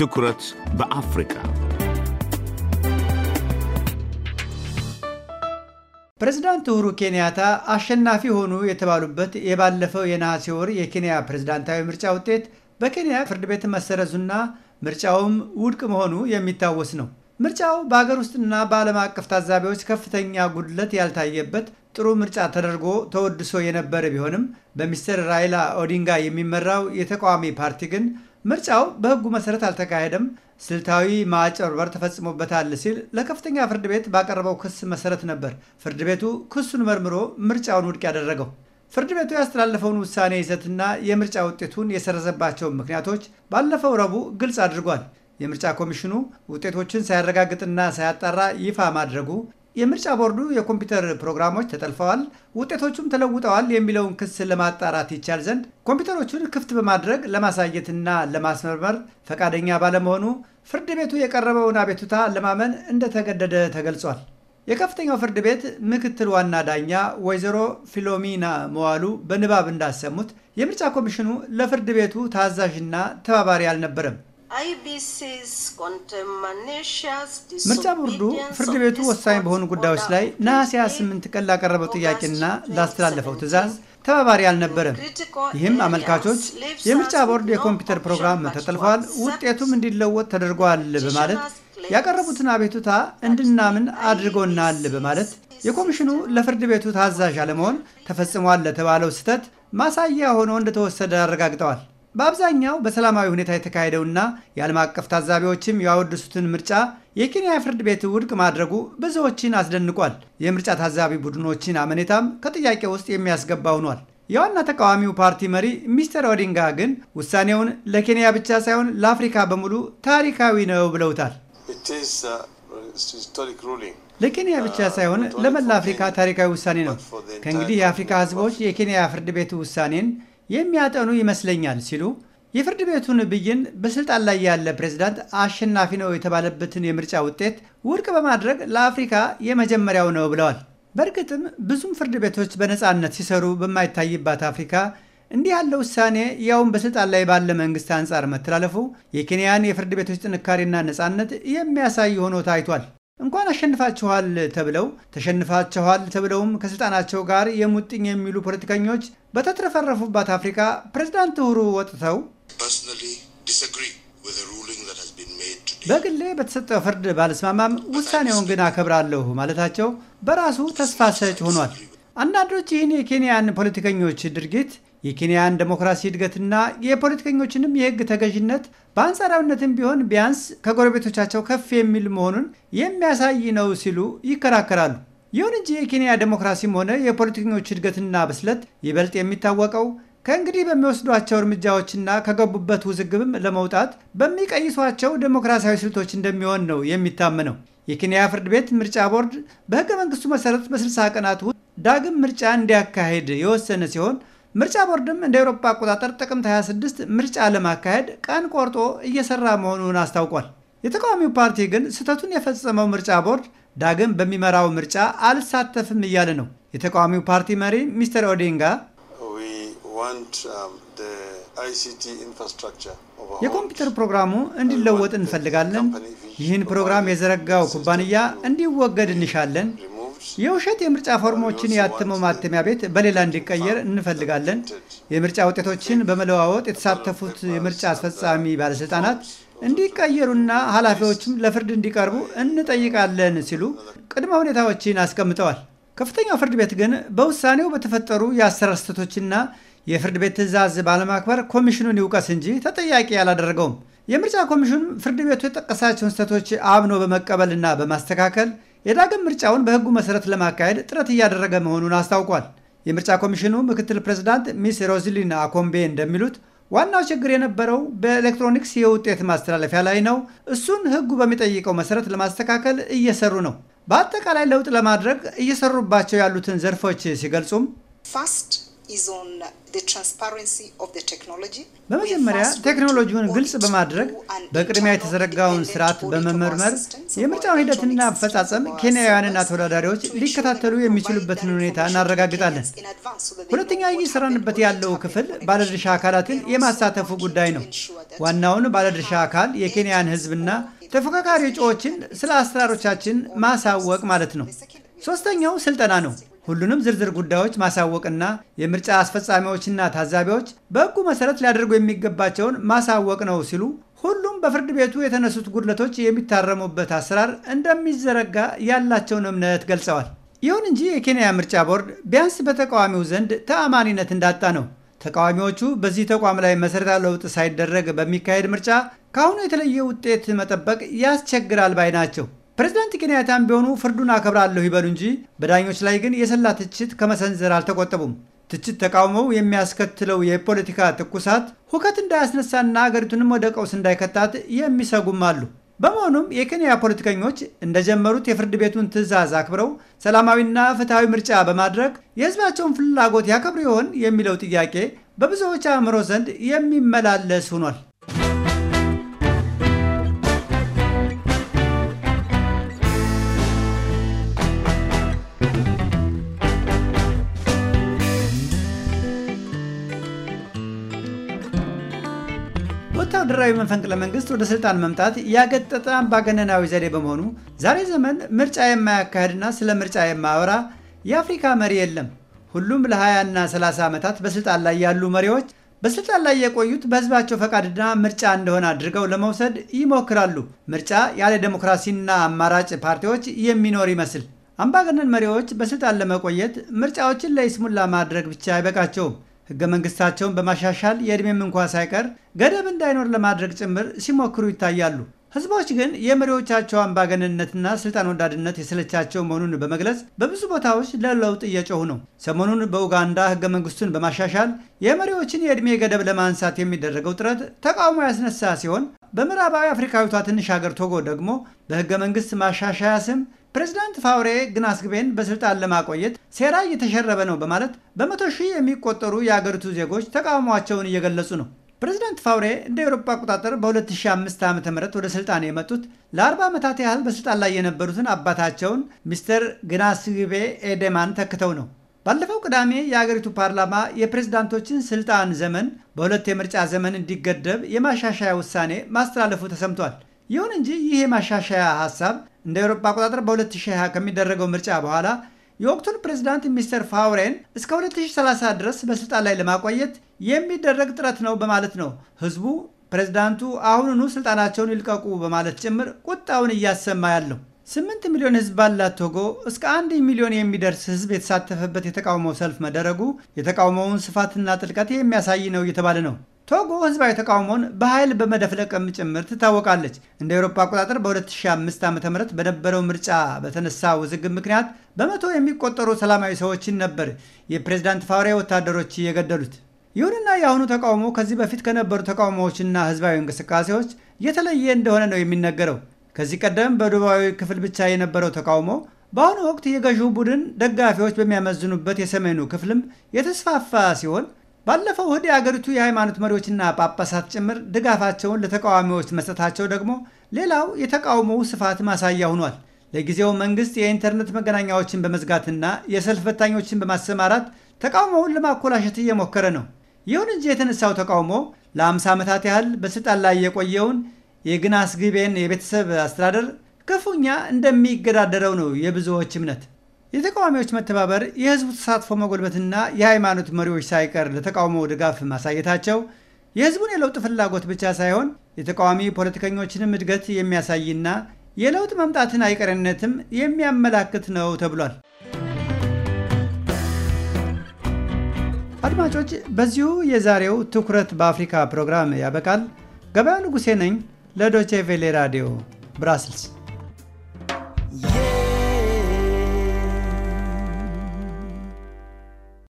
ትኩረት በአፍሪካ ፕሬዝዳንት ኡሁሩ ኬንያታ አሸናፊ ሆኑ የተባሉበት የባለፈው የነሐሴ ወር የኬንያ ፕሬዝዳንታዊ ምርጫ ውጤት በኬንያ ፍርድ ቤት መሰረዙና ምርጫውም ውድቅ መሆኑ የሚታወስ ነው። ምርጫው በአገር ውስጥና በዓለም አቀፍ ታዛቢዎች ከፍተኛ ጉድለት ያልታየበት ጥሩ ምርጫ ተደርጎ ተወድሶ የነበረ ቢሆንም በሚስተር ራይላ ኦዲንጋ የሚመራው የተቃዋሚ ፓርቲ ግን ምርጫው በሕጉ መሰረት አልተካሄደም፣ ስልታዊ ማጭበርበር ተፈጽሞበታል ሲል ለከፍተኛ ፍርድ ቤት ባቀረበው ክስ መሰረት ነበር ፍርድ ቤቱ ክሱን መርምሮ ምርጫውን ውድቅ ያደረገው። ፍርድ ቤቱ ያስተላለፈውን ውሳኔ ይዘትና የምርጫ ውጤቱን የሰረዘባቸውን ምክንያቶች ባለፈው ረቡዕ ግልጽ አድርጓል። የምርጫ ኮሚሽኑ ውጤቶችን ሳያረጋግጥና ሳያጣራ ይፋ ማድረጉ የምርጫ ቦርዱ የኮምፒውተር ፕሮግራሞች ተጠልፈዋል፣ ውጤቶቹም ተለውጠዋል የሚለውን ክስ ለማጣራት ይቻል ዘንድ ኮምፒውተሮቹን ክፍት በማድረግ ለማሳየትና ለማስመርመር ፈቃደኛ ባለመሆኑ ፍርድ ቤቱ የቀረበውን አቤቱታ ለማመን እንደተገደደ ተገልጿል። የከፍተኛው ፍርድ ቤት ምክትል ዋና ዳኛ ወይዘሮ ፊሎሚና መዋሉ በንባብ እንዳሰሙት የምርጫ ኮሚሽኑ ለፍርድ ቤቱ ታዛዥና ተባባሪ አልነበረም። ምርጫ ቦርዱ ፍርድ ቤቱ ወሳኝ በሆኑ ጉዳዮች ላይ ነሐሴ 28 ቀን ላቀረበው ጥያቄና ላስተላለፈው ትዕዛዝ ተባባሪ አልነበረም። ይህም አመልካቾች የምርጫ ቦርድ የኮምፒውተር ፕሮግራም ተጠልፏል፣ ውጤቱም እንዲለወጥ ተደርጓል በማለት ያቀረቡትን አቤቱታ እንድናምን አድርጎናል በማለት የኮሚሽኑ ለፍርድ ቤቱ ታዛዥ አለመሆን ተፈጽሟል ለተባለው ስህተት ማሳያ ሆኖ እንደተወሰደ አረጋግጠዋል። በአብዛኛው በሰላማዊ ሁኔታ የተካሄደውና የዓለም አቀፍ ታዛቢዎችም ያወደሱትን ምርጫ የኬንያ ፍርድ ቤት ውድቅ ማድረጉ ብዙዎችን አስደንቋል። የምርጫ ታዛቢ ቡድኖችን አመኔታም ከጥያቄ ውስጥ የሚያስገባ ሆኗል። የዋና ተቃዋሚው ፓርቲ መሪ ሚስተር ኦዲንጋ ግን ውሳኔውን ለኬንያ ብቻ ሳይሆን ለአፍሪካ በሙሉ ታሪካዊ ነው ብለውታል። uh, ለኬንያ uh, ብቻ ሳይሆን ለመላ አፍሪካ ታሪካዊ ውሳኔ ነው። ከእንግዲህ የአፍሪካ ሕዝቦች የኬንያ ፍርድ ቤት ውሳኔን የሚያጠኑ ይመስለኛል ሲሉ የፍርድ ቤቱን ብይን በስልጣን ላይ ያለ ፕሬዝዳንት አሸናፊ ነው የተባለበትን የምርጫ ውጤት ውድቅ በማድረግ ለአፍሪካ የመጀመሪያው ነው ብለዋል። በእርግጥም ብዙም ፍርድ ቤቶች በነፃነት ሲሰሩ በማይታይባት አፍሪካ እንዲህ ያለ ውሳኔ ያውም በስልጣን ላይ ባለ መንግስት አንጻር መተላለፉ የኬንያን የፍርድ ቤቶች ጥንካሬና ነፃነት የሚያሳይ ሆኖ ታይቷል። እንኳን አሸንፋችኋል ተብለው ተሸንፋችኋል ተብለውም ከስልጣናቸው ጋር የሙጥኝ የሚሉ ፖለቲከኞች በተትረፈረፉባት አፍሪካ ፕሬዝዳንት ኡሁሩ ወጥተው በግሌ በተሰጠው ፍርድ ባልስማማም ውሳኔውን ግን አከብራለሁ ማለታቸው በራሱ ተስፋ ሰጭ ሆኗል። አንዳንዶች ይህን የኬንያን ፖለቲከኞች ድርጊት የኬንያን ዴሞክራሲ እድገትና የፖለቲከኞችንም የህግ ተገዥነት በአንጻራዊነትም ቢሆን ቢያንስ ከጎረቤቶቻቸው ከፍ የሚል መሆኑን የሚያሳይ ነው ሲሉ ይከራከራሉ። ይሁን እንጂ የኬንያ ዴሞክራሲም ሆነ የፖለቲከኞች እድገትና ብስለት ይበልጥ የሚታወቀው ከእንግዲህ በሚወስዷቸው እርምጃዎችና ከገቡበት ውዝግብም ለመውጣት በሚቀይሷቸው ዴሞክራሲያዊ ስልቶች እንደሚሆን ነው የሚታመነው። የኬንያ ፍርድ ቤት ምርጫ ቦርድ በህገ መንግስቱ መሰረት በ60 ቀናት ዳግም ምርጫ እንዲያካሄድ የወሰነ ሲሆን ምርጫ ቦርድም እንደ አውሮፓ አቆጣጠር ጥቅምት 26 ምርጫ ለማካሄድ ቀን ቆርጦ እየሰራ መሆኑን አስታውቋል። የተቃዋሚው ፓርቲ ግን ስህተቱን የፈጸመው ምርጫ ቦርድ ዳግም በሚመራው ምርጫ አልሳተፍም እያለ ነው። የተቃዋሚው ፓርቲ መሪ ሚስተር ኦዲንጋ um, የኮምፒውተር ፕሮግራሙ እንዲለወጥ እንፈልጋለን። ይህን ፕሮግራም የዘረጋው ኩባንያ እንዲወገድ እንሻለን። የውሸት የምርጫ ፎርሞችን ያተመው ማተሚያ ቤት በሌላ እንዲቀየር እንፈልጋለን። የምርጫ ውጤቶችን በመለዋወጥ የተሳተፉት የምርጫ አስፈጻሚ ባለስልጣናት እንዲቀየሩና ኃላፊዎችም ለፍርድ እንዲቀርቡ እንጠይቃለን ሲሉ ቅድመ ሁኔታዎችን አስቀምጠዋል። ከፍተኛው ፍርድ ቤት ግን በውሳኔው በተፈጠሩ የአሰራር ስህተቶችና የፍርድ ቤት ትዕዛዝ ባለማክበር ኮሚሽኑን ይውቀስ እንጂ ተጠያቂ አላደረገውም። የምርጫ ኮሚሽኑም ፍርድ ቤቱ የጠቀሳቸውን ስህተቶች አምኖ በመቀበልና በማስተካከል የዳግም ምርጫውን በህጉ መሰረት ለማካሄድ ጥረት እያደረገ መሆኑን አስታውቋል። የምርጫ ኮሚሽኑ ምክትል ፕሬዝዳንት ሚስ ሮዝሊን አኮምቤ እንደሚሉት ዋናው ችግር የነበረው በኤሌክትሮኒክስ የውጤት ማስተላለፊያ ላይ ነው። እሱን ህጉ በሚጠይቀው መሰረት ለማስተካከል እየሰሩ ነው። በአጠቃላይ ለውጥ ለማድረግ እየሰሩባቸው ያሉትን ዘርፎች ሲገልጹም በመጀመሪያ ቴክኖሎጂውን ግልጽ በማድረግ በቅድሚያ የተዘረጋውን ስርዓት በመመርመር የምርጫውን ሂደትና አፈጻጸም ኬንያውያንና ተወዳዳሪዎች ሊከታተሉ የሚችሉበትን ሁኔታ እናረጋግጣለን። ሁለተኛ እየሰራንበት ያለው ክፍል ባለድርሻ አካላትን የማሳተፉ ጉዳይ ነው። ዋናውን ባለድርሻ አካል የኬንያን ሕዝብና ተፎካካሪ እጩዎችን ስለ አሰራሮቻችን ማሳወቅ ማለት ነው። ሶስተኛው ስልጠና ነው። ሁሉንም ዝርዝር ጉዳዮች ማሳወቅና የምርጫ አስፈጻሚዎችና ታዛቢዎች በሕጉ መሰረት ሊያደርጉ የሚገባቸውን ማሳወቅ ነው ሲሉ ሁሉም በፍርድ ቤቱ የተነሱት ጉድለቶች የሚታረሙበት አሰራር እንደሚዘረጋ ያላቸውን እምነት ገልጸዋል። ይሁን እንጂ የኬንያ ምርጫ ቦርድ ቢያንስ በተቃዋሚው ዘንድ ተአማኒነት እንዳጣ ነው። ተቃዋሚዎቹ በዚህ ተቋም ላይ መሰረታዊ ለውጥ ሳይደረግ በሚካሄድ ምርጫ ከአሁኑ የተለየ ውጤት መጠበቅ ያስቸግራል ባይ ናቸው። ፕሬዝዳንት ኬንያታም ቢሆኑ ፍርዱን አከብራለሁ ይበሉ እንጂ በዳኞች ላይ ግን የሰላ ትችት ከመሰንዘር አልተቆጠቡም። ትችት ተቃውሞው የሚያስከትለው የፖለቲካ ትኩሳት ሁከት እንዳያስነሳና አገሪቱንም ወደ ቀውስ እንዳይከታት የሚሰጉም አሉ። በመሆኑም የኬንያ ፖለቲከኞች እንደጀመሩት የፍርድ ቤቱን ትዕዛዝ አክብረው ሰላማዊና ፍትሐዊ ምርጫ በማድረግ የሕዝባቸውን ፍላጎት ያከብሩ ይሆን የሚለው ጥያቄ በብዙዎች አእምሮ ዘንድ የሚመላለስ ሆኗል። ወታደራዊ መፈንቅለ መንግስት ወደ ስልጣን መምጣት ያገጠጠ አምባገነናዊ ዘዴ በመሆኑ ዛሬ ዘመን ምርጫ የማያካሄድና ስለ ምርጫ የማያወራ የአፍሪካ መሪ የለም። ሁሉም ለ20ና 30 ዓመታት በስልጣን ላይ ያሉ መሪዎች በስልጣን ላይ የቆዩት በህዝባቸው ፈቃድና ምርጫ እንደሆነ አድርገው ለመውሰድ ይሞክራሉ። ምርጫ ያለ ዴሞክራሲና አማራጭ ፓርቲዎች የሚኖር ይመስል አምባገነን መሪዎች በስልጣን ለመቆየት ምርጫዎችን ለይስሙላ ማድረግ ብቻ አይበቃቸውም። ህገ መንግስታቸውን በማሻሻል የዕድሜም እንኳ ሳይቀር ገደብ እንዳይኖር ለማድረግ ጭምር ሲሞክሩ ይታያሉ። ህዝቦች ግን የመሪዎቻቸው አምባገነንነትና ስልጣን ወዳድነት የሰለቻቸው መሆኑን በመግለጽ በብዙ ቦታዎች ለለውጥ እየጮሁ ነው። ሰሞኑን በኡጋንዳ ህገ መንግስቱን በማሻሻል የመሪዎችን የዕድሜ ገደብ ለማንሳት የሚደረገው ጥረት ተቃውሞ ያስነሳ ሲሆን በምዕራባዊ አፍሪካዊቷ ትንሽ ሀገር ቶጎ ደግሞ በህገ መንግስት ማሻሻያ ስም ፕሬዚዳንት ፋውሬ ግናስግቤን በስልጣን ለማቆየት ሴራ እየተሸረበ ነው በማለት በመቶ ሺህ የሚቆጠሩ የአገሪቱ ዜጎች ተቃውሟቸውን እየገለጹ ነው። ፕሬዚዳንት ፋውሬ እንደ ኤውሮፓ አቆጣጠር በ2005 ዓ ም ወደ ስልጣን የመጡት ለ40 ዓመታት ያህል በስልጣን ላይ የነበሩትን አባታቸውን ሚስተር ግናስዌ ኤደማን ተክተው ነው። ባለፈው ቅዳሜ የአገሪቱ ፓርላማ የፕሬዝዳንቶችን ስልጣን ዘመን በሁለት የምርጫ ዘመን እንዲገደብ የማሻሻያ ውሳኔ ማስተላለፉ ተሰምቷል። ይሁን እንጂ ይህ የማሻሻያ ሀሳብ እንደ ኤውሮፓ አቆጣጠር በ2020 ከሚደረገው ምርጫ በኋላ የወቅቱን ፕሬዝዳንት ሚስተር ፋውሬን እስከ 2030 ድረስ በስልጣን ላይ ለማቆየት የሚደረግ ጥረት ነው በማለት ነው ህዝቡ ፕሬዝዳንቱ አሁኑኑ ስልጣናቸውን ይልቀቁ በማለት ጭምር ቁጣውን እያሰማ ያለው። ስምንት ሚሊዮን ህዝብ ባላት ቶጎ እስከ አንድ ሚሊዮን የሚደርስ ህዝብ የተሳተፈበት የተቃውሞ ሰልፍ መደረጉ የተቃውሞውን ስፋትና ጥልቀት የሚያሳይ ነው እየተባለ ነው። ቶጎ ህዝባዊ ተቃውሞን በኃይል በመደፍለቅም ጭምር ትታወቃለች። እንደ አውሮፓ አቆጣጠር በ2005 ዓ ም በነበረው ምርጫ በተነሳ ውዝግብ ምክንያት በመቶ የሚቆጠሩ ሰላማዊ ሰዎችን ነበር የፕሬዝዳንት ፋውሬ ወታደሮች የገደሉት። ይሁንና የአሁኑ ተቃውሞ ከዚህ በፊት ከነበሩ ተቃውሞዎችና ህዝባዊ እንቅስቃሴዎች የተለየ እንደሆነ ነው የሚነገረው። ከዚህ ቀደም በደቡባዊ ክፍል ብቻ የነበረው ተቃውሞ በአሁኑ ወቅት የገዢው ቡድን ደጋፊዎች በሚያመዝኑበት የሰሜኑ ክፍልም የተስፋፋ ሲሆን ባለፈው እሁድ የአገሪቱ የሃይማኖት መሪዎችና ጳጳሳት ጭምር ድጋፋቸውን ለተቃዋሚዎች መስጠታቸው ደግሞ ሌላው የተቃውሞው ስፋት ማሳያ ሆኗል። ለጊዜው መንግስት የኢንተርኔት መገናኛዎችን በመዝጋትና የሰልፍ ፈታኞችን በማሰማራት ተቃውሞውን ለማኮላሸት እየሞከረ ነው። ይሁን እንጂ የተነሳው ተቃውሞ ለ50 ዓመታት ያህል በስልጣን ላይ የቆየውን የግናስ ግቤን የቤተሰብ አስተዳደር ክፉኛ እንደሚገዳደረው ነው የብዙዎች እምነት። የተቃዋሚዎች መተባበር የህዝቡ ተሳትፎ መጎልበትና የሃይማኖት መሪዎች ሳይቀር ለተቃውሞው ድጋፍ ማሳየታቸው የህዝቡን የለውጥ ፍላጎት ብቻ ሳይሆን የተቃዋሚ ፖለቲከኞችንም እድገት የሚያሳይና የለውጥ መምጣትን አይቀርነትም የሚያመላክት ነው ተብሏል። አድማጮች፣ በዚሁ የዛሬው ትኩረት በአፍሪካ ፕሮግራም ያበቃል። ገበያው ንጉሴ ነኝ ለዶቼ ቬሌ ራዲዮ ብራስልስ